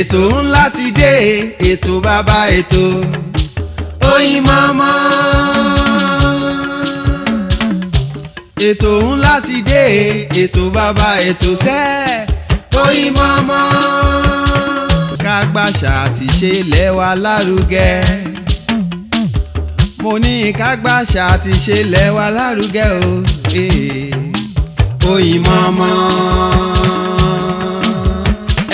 ètò ńlá ti dé ètò bàbá ètò Oyinmomo. ètò ńlá ti dé ètò bàbá ètò sẹ́ Oyinmomo. kágbàṣà ti ṣe lẹ́wà lárugẹ mo ní kágbàṣà ti ṣe lẹ́wà lárugẹ o eh. Oyinmomo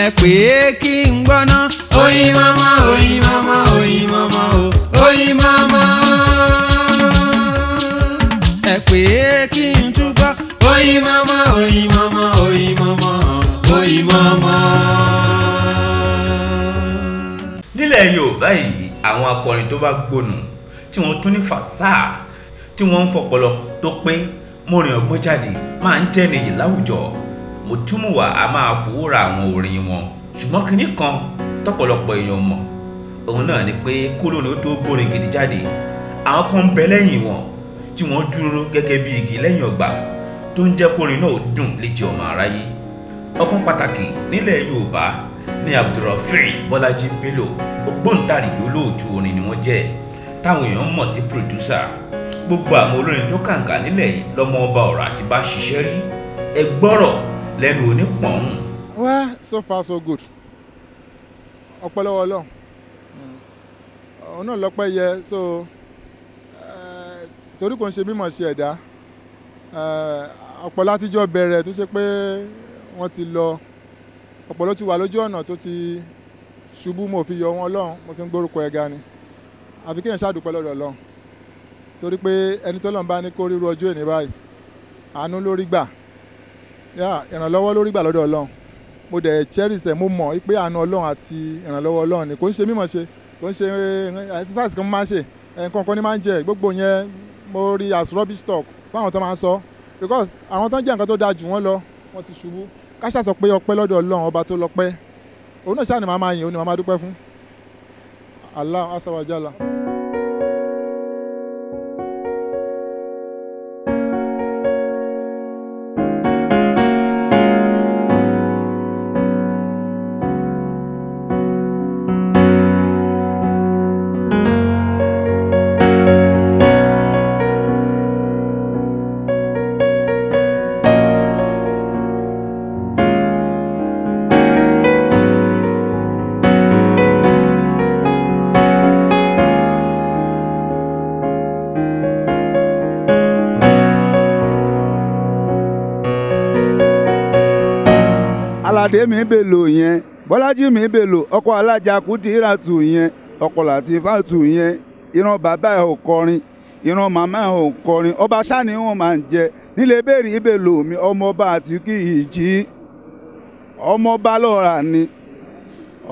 ẹ pè é kí n gbọ́ná. oyin mama oyin mama oyin mama o oyin mama. ẹ pè é kí n túbọ̀. oyin mama oyin mama oyin mama oyin mama. nílẹ̀ Yorùbá yìí àwọn akọrin tó bá gbónú tí wọ́n tún ní fàṣà tí wọ́n ń fọpọlọ tó pé mo rìn ọgbọ́n jáde máa ń jẹ́ nìyí láwùjọ mùtúmùwà a máa fòwúra àwọn orin wọn ṣùgbọ́n kinní kan tọ́pọ̀lọpọ̀ èèyàn mọ̀ òun náà ni pé kóló ni tó bórin gidi jáde àwọn kan bẹ lẹ́yìn wọn tí wọ́n dúró gẹ́gẹ́ bí igi lẹ́yìn ọgbà tó ń jẹ́ kórin náà dùn létí ọmọ aráyé ọkàn pàtàkì nílẹ̀ Yorùbá ní Abdulrafiu Bọ́lájí Bello ògbóǹtarìgì olóòtú orin ni wọ́n jẹ́ táwọn èèyàn mọ̀ sí pòdúsà gbogbo àwọn olórin tó kàǹkà nílẹ̀ yìí lọ́mọ ọba ọ̀rọ̀ àti ṣiṣẹ́ rí ẹ lẹ́nu òní pọ̀n. well so far so good ọpẹ́ lọ́wọ́ Ọlọ́run òun hmm. náà lọ́pẹ́ yẹ so eh, torí kò ń ṣe mímọ̀ ṣe ẹ̀dá eh, ọ̀pọ̀ látijọ́ bẹ̀rẹ̀ tó ṣe pé wọ́n ti lọ ọ̀pọ̀ ló ti wà lójú ọ̀nà tó ti ṣubú mo fi yọ wọn lọ́hùn mo fi ń gbórúkọ ẹ̀ga ni àfi kéèyàn ṣàdúpẹ́ lọ́dọ̀ lọ́hùn torí pé ẹni tọ́lọ́run bá ní kó ríru ọjọ́ èní báyìí àánú lórí gbà ìrànlọ́wọ́ lórí gbà lọ́dọ̀ ọlọ́run mo dẹ̀ cherish ẹ̀ mo mọ̀ pé àánú ọlọ́run àti ìrànlọ́wọ́ ọlọ́run ni kò ń ṣe mímọ̀ ṣe kò ń ṣe eh, exercise kan máa ń ṣe nǹkan kan ní máa ń jẹ gbogbo yẹn mo rí as rubbish talk fáwọn tó máa ń sọ because àwọn tó ń jẹ́ nǹkan tó dáa jù wọ́n lọ wọ́n ti ṣubú káṣá sọ pé ọpẹ́ lọ́dọ̀ ọlọ́run ọba tó lọ́pẹ́ òun náà ṣáà ni màá máa yìn òun ni màá máa dúpẹ́ fún Allah asawajala. Adémi Bello yẹn Bọ́lájìmí Bello ọkọ alájà Kúdírátù yẹn ọkọ Làtífátù yẹn iran bàbá ẹ̀ ò kọrin ìran màmá ẹ̀ ò kọrin ọba sani wọn máa ń jẹ nílé bẹ́ẹ̀rì Bello mi ọmọọba àtìkí ìjì ọmọọba lọ́ra ni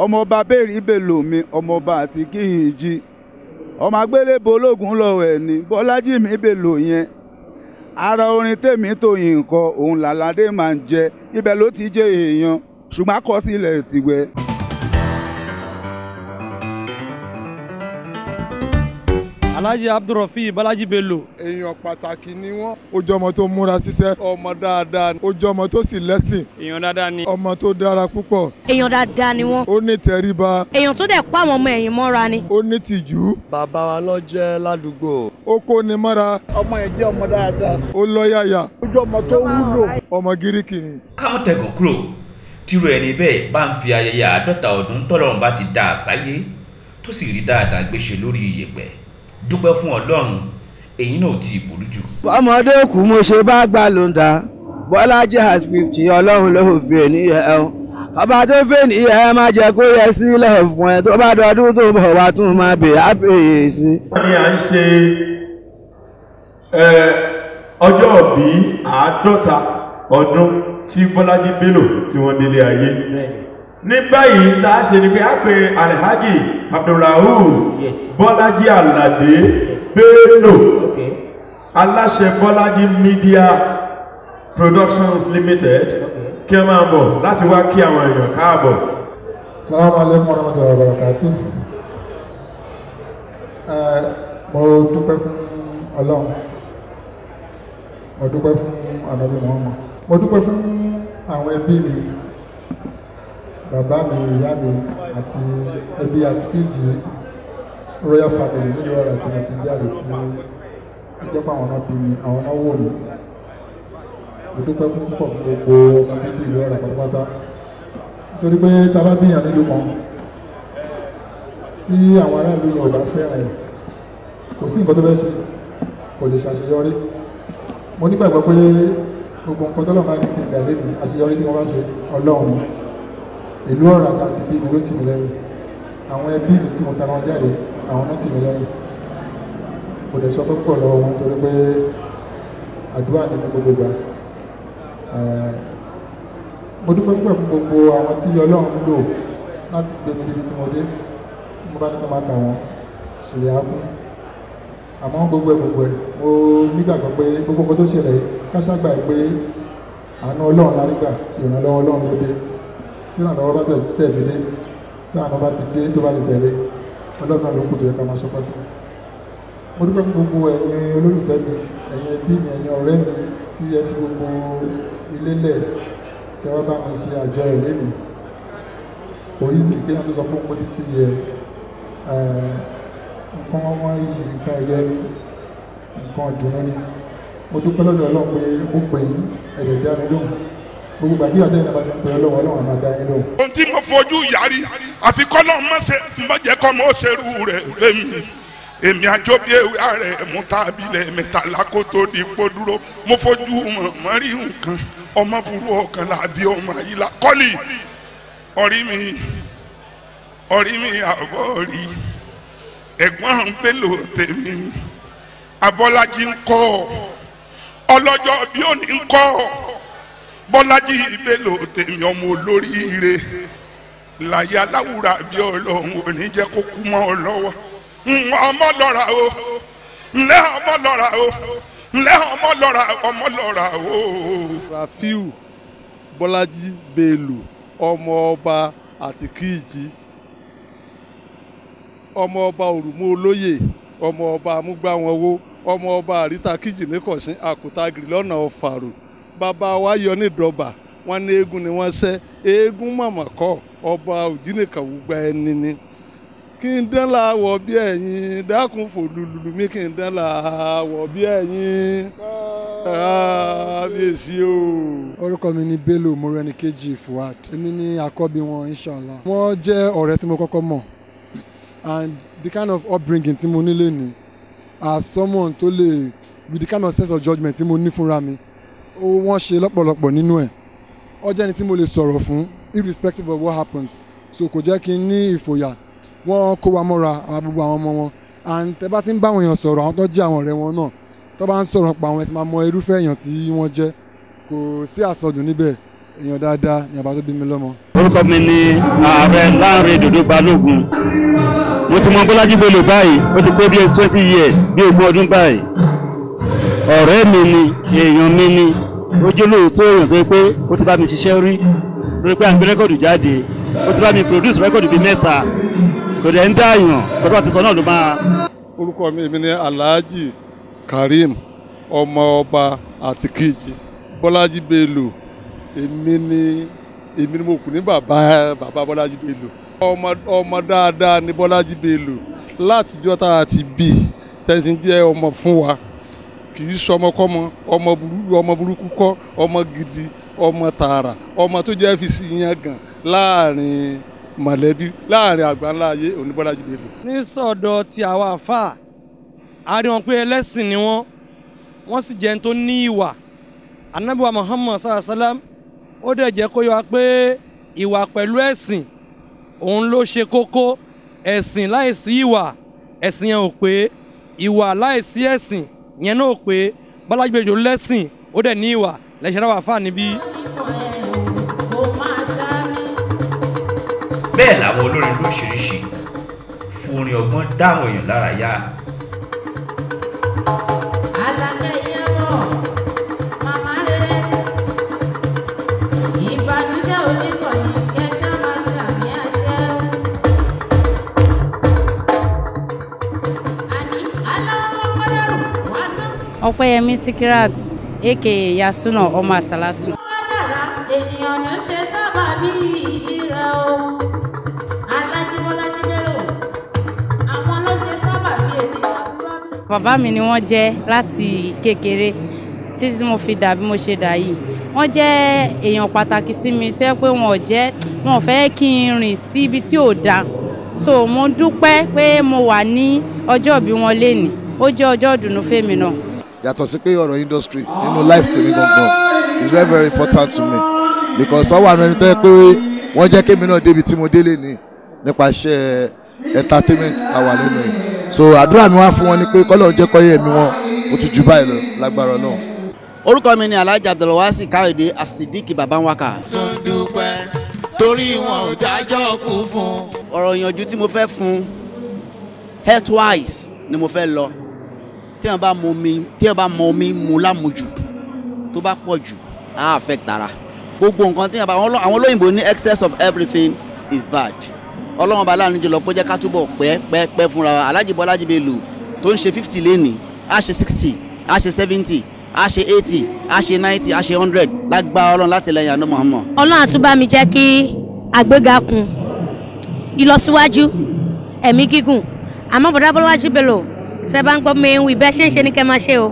ọmọọba bẹ́ẹ̀rì Bello mi ọmọọba àtìkí ìjì ọmọ agbélébò ológun lọ́wọ́ ẹ̀ ni Bọ́lájìmí Bello yẹn ara orin tèmi tó yìí nǹkan òun làládé máa ń jẹ ibẹ̀ ló ti jẹ́ èèyàn ṣùgbọ́n akọsílẹ̀ tìwẹ́. alhaji abdulrafi balaji bello. èèyàn pàtàkì ni wọn. ó jẹ́ ọmọ tó múra síṣẹ́. ọmọ dáadáa ni. ó jẹ́ ọmọ tó sì lẹ́sìn. èèyàn dáadáa ni. ọmọ tó dára púpọ̀. èèyàn dáadáa ni wọn. ó ní tẹríba. èèyàn tó dẹ̀ pa àwọn ọmọ ẹ̀yìn mọ́ra ni. ó ní tìjú. bàbá wa ló jẹ́ ládùúgbò. ó kó ni mọ́ra. ọmọ ẹ̀ ọmọ dáadáa. ó lọ́yàyà. ó jẹ́ ọmọ tó wúlò. ọmọ gíríkì ni. káwọn tẹkàn ti dá àsáyé tó sì rí dáadáa gbéṣe lórí iyẹ̀pẹ̀ dúpẹ́ fún ọlọ́run èyí náà ti burú jù. ọmọdé òkú mo ṣe bá gbà ló ń da bọ́lájí has fifty ọlọ́run ló fi ènìyàn ẹ̀ ọba tó fẹ́ nìyẹn ẹ máa jẹ kó yẹ sílẹ̀ fún ẹ tó bá dọdún tó bọ̀ wá tún máa bè á bèèrè sí. wọ́n ní à ń ṣe ọjọ́ bíi àádọ́ta ọdún tí bọ́lájí bello tí wọ́n délé ayé ní báyìí tá a ṣe ni pé a pe alhaji abdulrahuf yes. bọ́lájí aládé yes. bello okay. aláṣẹ bọ́lájí media productions limited kí ẹ máa bọ̀ láti wá kí àwọn èèyàn káàbọ̀. salamu alaikum warahmatullahi wabarakatuh mo dúpẹ́ fún ọlọ́run mo dúpẹ́ fún ànábì Muhammad mo dúpẹ́ fún àwọn ẹbí mi bàbá mi ìyá mi àti ẹbí àti kéèjì royal family nílùú ọ̀rọ̀ àti mo ti jáde tí ìjọba àwọn náà bí mi àwọn náà wò mí mo dúpẹ́ fún púpọ̀ fún gbogbo ọmọ bíbí ìlú ọ̀rọ̀ pátápátá nítorí pé tá a bá bíyàn nílùú kan tí àwọn aráàlú yẹn ò bá fẹ́ràn ẹ̀ kò sí nǹkan tó fẹ́ ṣe kò lè ṣàṣeyọrí mo nígbàgbọ́ pé gbogbo nǹkan tọ́lọ́ máa ní kí n gbà àṣeyọrí tí wọ́n bá ṣe ọlọ́run ìlú ọ̀rọ̀ àti àti bí mi ló tì mí lẹ́yìn àwọn ẹbí mi tí mo ta wọn jáde àwọn náà tì mí lẹ́yìn kò dẹ̀ sọ pé pọ̀ lọ́wọ́ wọn torí pé àdúrà ní gbogbo gbà mo dúpẹ́ púpọ̀ fún gbogbo àwọn tí ọlọ́run lò láti gbé mi débi tí mo dé tí mo bá ní kí n máa kà wọ́n ìṣẹ̀lẹ̀ àákún àmọ́ gbogbo ẹ̀ gbogbo ẹ̀ mo nígbàgbọ́ pé gbogbo nǹkan tó ṣẹlẹ̀ káṣágbà pé àánú ọlọ́run lárígbà ìrànlọ́wọ́ ọlọ́run ló dé tí ìrànlọ́wọ́ bá tẹ̀ ti dé tí àwọn bá ti dé tó bá ti tẹ̀lé ọlọ́run náà ló kù tó yẹ ká máa ṣọpẹ́ fún mo dúpẹ́ fún gbogbo ẹ̀yin olólùfẹ́ mi ẹ̀yin ẹbí mi ẹ̀yin ọ̀rẹ́ mi tí ẹ fi gbogbo ilé lẹ̀ tí wọ́n bá mi ṣe àjọ ẹ̀ lẹ́nu kò yí sí kéèyàn tó sọ pé ó pé fifty years nǹkan wọn yìí nǹkan ẹ̀yẹ ni nǹkan ìdùnnú ni mo dúpẹ́ lọ́dọ̀ ọlọ́run pé ó pè yín ẹ̀dẹ̀dẹ̀ gbogbo àbí ọ̀tẹ́ ìnáwó ti ń pè ọlọ́wọ́ ọlọ́wọ́ máa dá yín lóhùn. ohun tí mo fojú yàrí àfi kọ́lọ́ mọ́sẹ̀ mọ́jẹ́ kọ́ mọ́ ṣerú rẹ̀ fẹ́mi èmi àjọbí ewé ààrẹ mú tábìlẹ̀ mẹ́tàlá kó tó di ipò mo fojú mọ̀ rí nǹkan ọmọ burú ọkàn làbí ọmọ àyílá kọ́lì ọ̀rí mi ọ̀rí mi àbọ̀ rí ẹ̀gbọ́n ń pèlò tèmi ni abọ́lájí ń kọ́ ọlọ́jọ́ bí ó ní ń kọ́ ọ. bọ́lájí bello tèmi ọmọ olóríire láyé aláwùrà bí ọlọ́run ò ní jẹ́ kó kú mọ́ ọ lọ́wọ́ ọmọ lọ́ra o ńlẹ́ ọmọ lọ́ra o ńlẹ́ ọmọ lọ́ra ọmọ lọ́ra o. rafiu bọ́lájí bello ọmọ ọba àti kíìjì ọmọ ọba òrùmọ olóyè ọmọ ọba amúgbáwọn owó ọmọ ọba àríta kíjì ní kọ̀sìn àkútagìrì lọ́nà ọ̀fàrò. bàbá wa yọ ní ìdọ̀bà wọn ní eégún ni wọ́n sẹ́ eégún màmá kọ́ ọba òjìnìkan gbogbo ẹni ni kí n dán la wọ̀ bí ẹ̀yin dákun fò lùlù mi kí n dán la wọ̀ bí ẹ̀yin kábíyèsí ah, o. orúkọ mi ni Bello Morenikeji Fuad èmi ni àkọ́bí wọn inshallah wọ́n jẹ́ ọ̀rẹ́ tí mo kọ́kọ́ mọ̀ and the kind of upbringing tí mo nílé ni as someone tó lè with the kind of sense of judgement tí mo ní fúnra mi ó wọ́n ṣe lọ́pọ̀lọpọ̀ nínú ẹ̀ ó jẹ́ tí mo lè sọ̀rọ̀ fún irrespective of what happens so kò jẹ́ kí n ní ìfòyà wọ́n kó wa mọ́ra àwọn gbogbo àwọn ọmọ wọn and tẹ bá ti ń bá àwọn èèyàn sọ̀rọ̀ àwọn tó jẹ́ àwọn ọ̀rẹ́ wọn náà tó bá ń sọ̀rọ̀ pa àwọn ẹ̀ tí máa mọ irúfẹ́ èèyàn tí wọ́n jẹ́ kò sí àsọdùn níbẹ̀ èèyàn dáadáa ni àbá tó bí mi lọ́mọ. orúkọ mi ni ààrẹ Lánrè Dòdò Balógun mo ti mọ Bọ́lájí Bello báyìí ó ti pé bíi twenty years bíi ogún ọdún báyìí ọ̀rẹ́ mi ni èèyàn mi ni ojúlóòótọ́ èèyàn tó yẹ pé ó ti bá mi ṣiṣẹ́ rí lórí pé à ń gbé rẹ́kọ̀dù jáde ó ti bá mi produce rẹ́kọ̀dù bíi mẹ́ta kò dẹ̀ ń dá àyàn kó tó ti sọ náà ló máa. orúkọ mi èmi ni Alhaji Karim ọmọ ọba àti kejì Bọ́lájí Bello èmi ni èmi ni mo kù ní bàbá bàbá Bọ́lájí Bello ọmọ dáadáa ni Bọ́lájí Bello látijọ́ tá a ti bí tẹ̀sí jẹ́ ọmọ fún wa kì í sọmọkọ́mọ ọmọ burúkú ọmọ burúkú kọ́ ọmọ gidi ọmọ tààrà ọmọ tó jẹ́ fi sí yan gan láàrin mọ̀lẹ́bí láàrin àgbáńlá ayé oníbọ́lájú bèbè. ní sọ̀dọ̀ ti àwa àfáà a rí wọn pé ẹlẹ́sìn ni wọ́n wọ́n sì jẹ́ tó ní ìwà anábíwá Muhammad sallallahu alayhi wa sallam ó dẹ̀ jẹ́ kó yọ wa pé ìwà pẹ̀lú ẹ̀sìn òun ló ṣe kókó ẹ̀sìn láìsí ìwà ẹ̀sìn yẹn ò pé ìwà láìsí ẹ̀sìn yẹn náà pé Bọ́lájí Òjó lẹ́sìn ó dẹ̀ ní ìwà lẹ́sẹ̀ náà wà fà níbí. bẹ́ẹ̀ làwọn olórin lóṣìíríṣìí fún orin ọgbọ́n dáhùn èèyàn lárayá. alákẹ́ ọpẹ́yẹmí sikirat aka yasuna ọmọ àsálàtù. bákàrà ènìyàn ló ṣe sábà bí ìrẹ o alájímọ́lájí mẹ́rọ àwọn ló ṣe sábà bí èmi. bàbá mi ni wọ́n jẹ́ láti kékeré títí mo fi dà bí mo ṣe dà yìí wọ́n jẹ́ èèyàn pàtàkì sí mi tó yẹ pé wọn jẹ́ wọn fẹ́ kí n rìn sí ibi tí ò dáa so mo dúpẹ́ pé mo wà ní ọjọ́ ìbí wọn lénìí ó jẹ́ ọjọ́ ìdùnnú fèmí náà yàtọ̀ sí pé ọ̀rọ̀ industry nínú life tèmi gangan is very very important to me because wọ́n wà nínú tẹ́ pé wọ́n jẹ́ kémi náà débi tí mo délé ní nípasẹ̀ entertainment àwa lẹ́nu yìí so àdúrà mi wá fún wọn ni pé kọ́lọ̀ jẹ́ kọ́yẹ̀ mi wọn ó tún ju báyìí lọ lágbára náà. orúkọ mi ni alhaji abdulwasi káyọ̀dé asidiki babanwaka. tún dúpẹ́ torí wọn ò dájọ́ kú fún. ọ̀rọ̀ ìyànjú tí mo fẹ́ fún healthwise ni mo fẹ́ lọ téèyàn bá mu omi téèyàn bá mu omi mu lámujù tó bá pọ̀ jù á affect ara gbogbo nǹkan téèyàn bá àwọn olóyìnbó ní excess of everything is bad ọlọ́run ọba aláàánú jùlọ pé jẹ́ ká túbọ̀ pẹ́ pẹ́ pẹ́ fúnra wa Alhaji Bọ́lá Jí tó ń ṣe fifty lénìí á ṣe sixty á ṣe seventy á ṣe eighty á ṣe ninety á ṣe hundred lágbá ọlọ́run láti lẹ́yìn àná Muhammad. ọlọ́run àtúbámi jẹ́ kí àgbéga kun ìlọsíwájú ẹ̀mí gígùn àmọ́ bọ̀dá Bọ́lá Jí tẹ bá ń gbọ́ mi ń wí bẹ́ẹ̀ ṣe ń ṣe ní kẹ́ máa ṣe o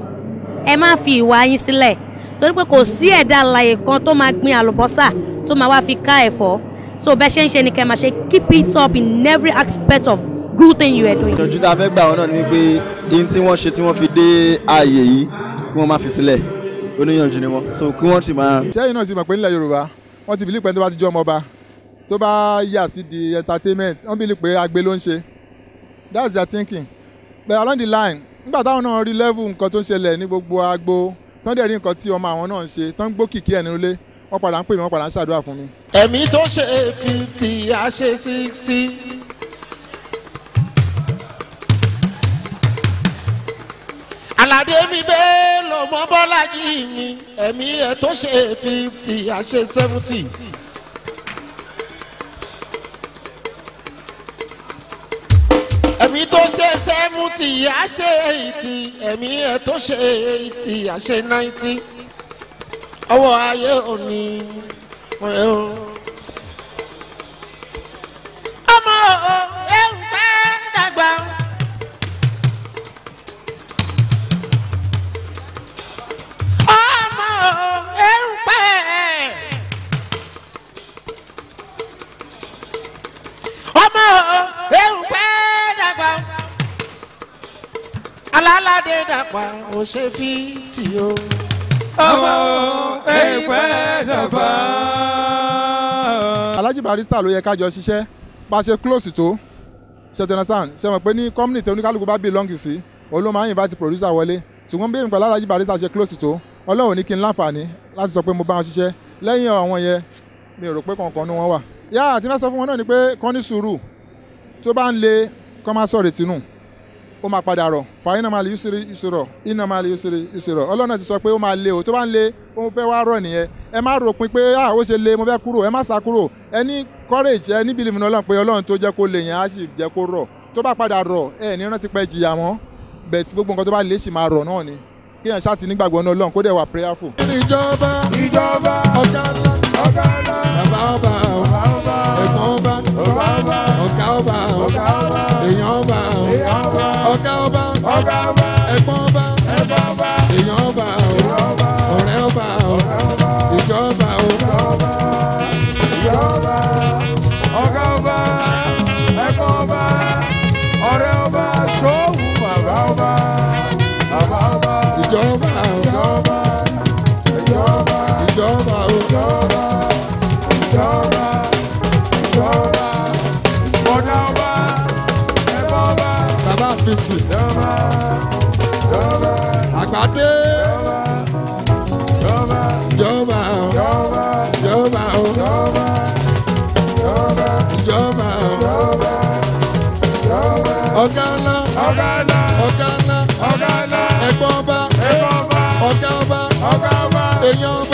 ẹ má fi ìwà yín sílẹ̀ torí pé kò sí ẹ̀dá alààyè kan tó máa gbin àlùbọ́sà tó máa wá fi ká ẹ̀fọ́ so bẹ́ẹ̀ ṣe ń ṣe ní kẹ́ máa ṣe keep it up in every aspect of good thing you are doing. ìtọ́jú tá a fẹ́ gbà wọn náà ni wípé ihun tí wọ́n ṣe tí wọ́n fi dé ààyè yìí kí wọ́n má fi sílẹ̀ oníyànjú ni wọ́n so kí wọ́n sì máa. sẹ́yìn náà sì mọ̀ pé nílẹ̀ Yorùbá wọ́n ti bìlí pé tó bá ti jọ́ ọmọ ọba tó bá yà sí di entertainment wọ́n bìlí pé agbe ló ń ṣe that's their thinking but along the line nígbà táwọn náà rí level nǹkan tó ń ṣẹlẹ̀ ní gbogbo agbo tán dẹ̀ rí nǹkan tí ọmọ àwọn náà ń ṣe tán gbó kìkì ẹ̀ nínú wọ́n padà ń pè mí wọ́n padà ń ṣàdúrà fún mi. ẹ̀mí tó ṣe fifty a ṣe sixty. àlàdé mi bẹ́ẹ̀ lọ́mọ bọ́lájì mi ẹ̀mí ẹ̀ tó ṣe fifty a ṣe seventy. ẹ̀mí tó ṣe seventy á ṣe eighty ẹ̀mí ẹ̀ tó ṣe eighty á ṣe ninety ọwọ́ ayé òní. ọláládé dàpà ò ṣe fi tì o. ọmọ ẹgbẹ́ dàpà. Alhaji Barrister ló yẹ ká jọ ṣiṣẹ́ bá ṣe close tó ṣe tẹ̀lé sàn ṣe mọ̀ pé ní company tí oníkálukú bá belong sí òun ló máa producer wọlé ṣùgbọ́n bí ìpàdé Alhaji Barrister ṣe close tó ọlọ́run ní kí n láǹfààní láti sọ pé mo bá wọn ṣiṣẹ́ lẹ́yìn àwọn yẹn mi ò rò pé kankan ni wọ́n wà. yáà àti fẹ́ fún wọn náà ni pé kán ní sùúrù tó bá ń le kán má sọ̀rètí nù ó máa padà rọ̀ fàáyín náà máa lè yúsìrì yúsìrọ̀ iná máa lè yúsìrì yúsìrọ̀ ọlọ́nà ti sọ pé ó máa le o tó bá ń le ó fẹ́ wá rọ̀ nìyẹn ẹ má ròpin pé ah ó ṣe le mo fẹ́ kúrò ẹ má sá kúrò ẹ ní courage ẹ ní believe ní ọlọ́run pé ọlọ́run tó jẹ́ kó le yẹn á sì jẹ́ kó rọ̀ tó bá padà rọ̀ ẹ ní rántí pẹ́ jìyà mọ́ bẹ̀t gbogbo nǹkan tó bá le sì máa rọ̀ náà ni kí yẹn ṣáà ti nígbàgbọ́ ní ọlọ́run kó dẹ̀ wà prayerful. ìjọba ìjọba ọ̀gá ńlá ọ̀gá ńlá bàbá ọba ẹ̀gbọ́n ọba ọba ọba. fifty. àgbàdé jọba o jọba o jọba o ọ̀gá ńlá ọ̀gá ńlá ọ̀gá ńlá ẹ̀gbọ́n ọba ọ̀gá ọba èèyàn ọba.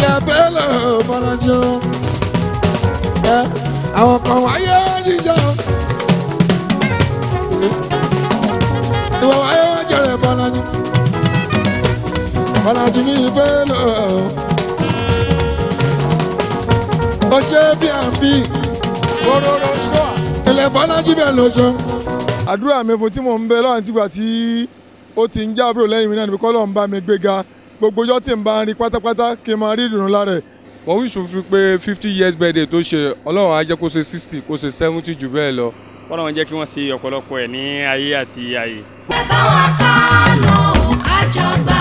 lẹ́bẹ̀lẹ̀ mọ́nájú. ẹ àwọn kan wáyé jíjà. ìwọ wáyé wọ́n jẹrẹ mọ́nájú. mọ́nájú ní ìbẹ́lẹ̀. ó ṣe bí à ń bí. kóróró sọ. ilẹ̀ mọ́nájú bẹ̀ lójó. àdúrà mi fún tí mò ń bẹ lọ́wọ́ àti ìgbà tí ó ti ń jábúrò lẹ́yìn mi náà níbi kọ́ lọ́n bá mi gbéga gbogbo ọjọ́ tí n bá ń rí pátápátá kí n máa rí ìdùnnú lára ẹ̀. wọ́n wíṣọ fún pé fifty years birthday tó ṣe ọlọ́run á jẹ́ kó ṣe sixty kó ṣe seventy jù bẹ́ẹ̀ lọ. ọlọ́run jẹ́ kí wọ́n ṣe ọ̀pọ̀lọpọ̀ ẹ̀ ní ayé àti ayé. bàbá wa ká lọ ká jọ gbà.